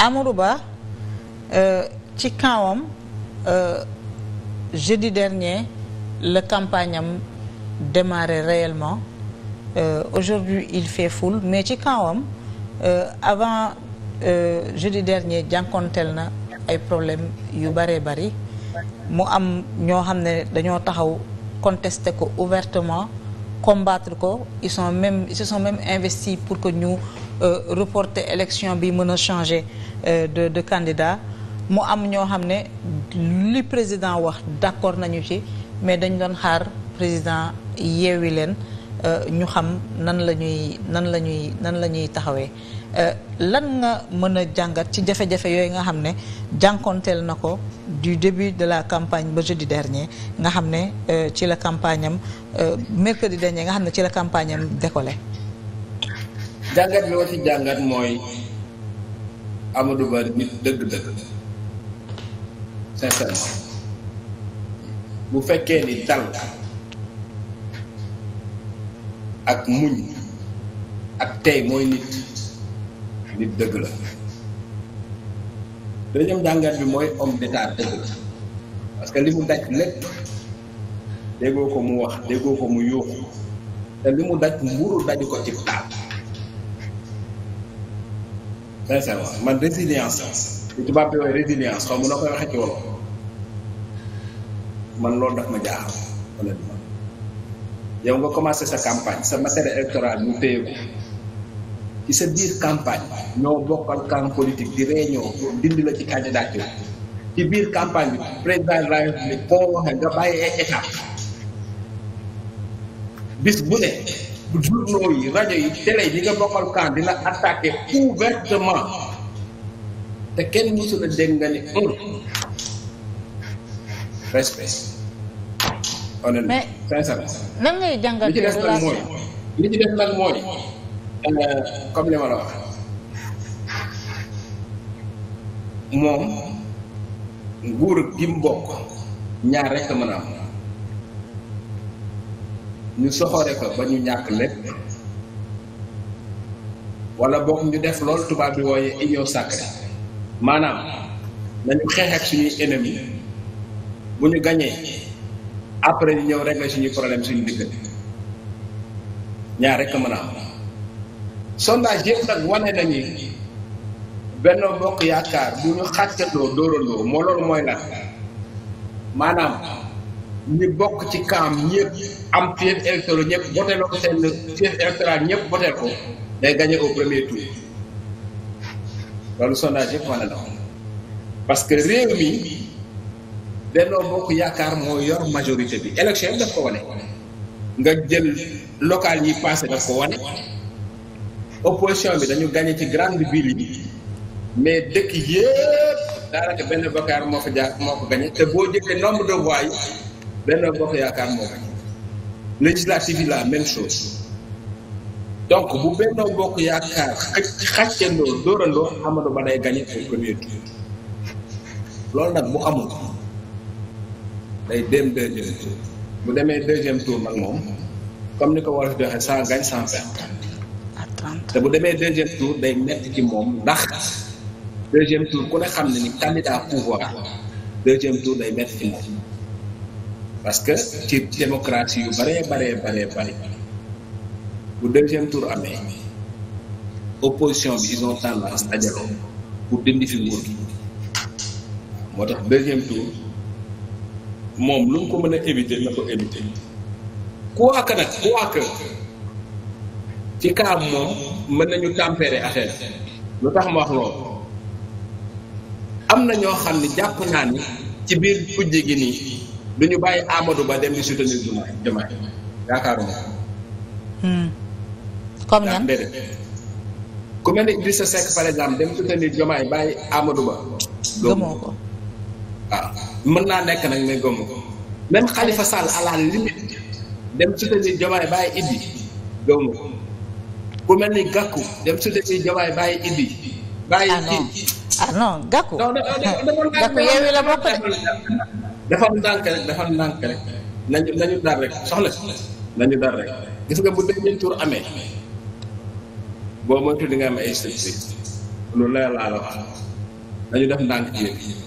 Amadou Ba euh, ci kawam euh, jeudi dernier la campagne am démarré réellement euh, aujourd'hui il fait ful mais ci kawam euh, avant euh, jeudi dernier jànkonteel na ay problèmes yu bëree bëri mu am ñoo xam ne dañoo taxaw contester ko ouvertement combattre ko ils sont même ils se même investis pour que ñu euh, reporter élection bi mën a changer Euh, de de candidats mu am ñoo xam ne li président wax d'accord nañu ci mais dañ doon xaar président yeewi leen euh, ñu xam nan la ñuy nan la ñuy nan la ñuy taxawee euh, lan nga mën a jàngat ci jafe-jafe yooyu nga xam ne jànkonteel na ko du début de la campagne ba jeudi dernier nga xam ne ci la campagne am mercredi dernier nga xam ne ci la campagne am décollé. jàngat loo ci jàngat mooy. Amadou Ba nit dëgg-dëgg sincèrement bu fekkee ni dal ak muñ ak tey mooy nit nit dëgg la deuxième jàngat bi mooy homme d'état dëgg la parce que li mu daj lépp déggoo ko mu wax déggoo ko mu yuuxu te li mu daj mburu daju ko ci taal man résilience li tubaab bi waxee résilience xaw ma noo koy waxee ci wolof man loolu daf ma jaar honnêtement yow nga commencé sa campagne sa matériel électoral ñu téye ko ci sa biir campagne ñoo bokkal camp politique di réunion dindi la ci candidature ci biir campagne bi président de la République waxee nga bàyyi ay bis bu ne journaux yi rajo yi télé yi nga bokkal camp di la attaqué ouvertement te kenn mësul a dégg nga ni un respect honnêtement sincèrement lan ngay jàngal li ci def lan mooy li ci def lan mooy euh, comme li ma la wax moom nguur gi mu bokk ñaar rekk mën a am ñu soxore ko ba ñu ñàkk lépp wala boog ñu def loolu tubaab bi wooye union sacrée maanaam nañu xeex ak suñuy ennemi bu ñu gañee après ñu ñëw régler suñuy problème suñu diggante ñaar rek mën a am sondage yëpp nag wane nañu benn bokk yaakaar bu ñu xàccandoo dóorandoo moo loolu mooy lan maanaam ñi bokk ci camp ñëpp am fief électoral ñëpp voté loo seen fief électoral ñëpp voté ko day gagné au premier tour loolu sondage yëpp wane na parce que réew mi Benno Bokk Yaakaar moo yor majorité bi élection yëpp daf ko wane nga jël local yi passé daf ko wane opposition bi dañu gagné ci grande ville yi mais dëkk yëpp daanaka benn bokkaar moo fa jaar moo ko gagné te boo jëlee nombre de voix Benno Bokk Yaakaar moom législative yi la même chose donc bu Benno Bokk Yaakaar xàccandoo dóorandoo Amadou Ba day gagné au premier tour loolu nag bu amul day dem deuxième tour bu demee deuxième tour nag moom comme ni ko war a joxe sans gagne sans perte te bu demee deuxième tour day metti ci moom ndax deuxième tour ku ne xam ne ni candidat pouvoir tour day metti ci moom parce que ci démocratie yu baree baree baree bari bu deuxième tour amee opposition bi ils ont tendance pour dindi fi nguur moo tax deuxième tour moom lu mu ko mën a éviter na ko éviter quoi que nag quoi que ci kaam moom mën nañu tempérer affaire lu tax ma wax loolu am na ñoo xam ne jàpp naa ni ci biir kujje gi nii du ñu bàyyi Amadou Ba dem di soutenir du Diomaye yaakaaruma comme ñan ku mel ni Idrissa Seck par exemple dem soutenir Diomaye Ba gëmoo ko waaw naa nekk nag mais gëmu ko même Khalifa Sall à la dem soutenir Diomaye bàyyi Idi gëmu ku mel ni Gakou dem soutenir Diomaye bàyyi Idi bàyyi kii ah non Gakou Gakou la bokk de defal ndànk rek defal ndànk rek nañu nañu dar rek soxna si nañu dar rek gis nga bu deuxième tour amee boo moytu di nga am ay surprise loolu la yàlla la nañu def ndànk yéen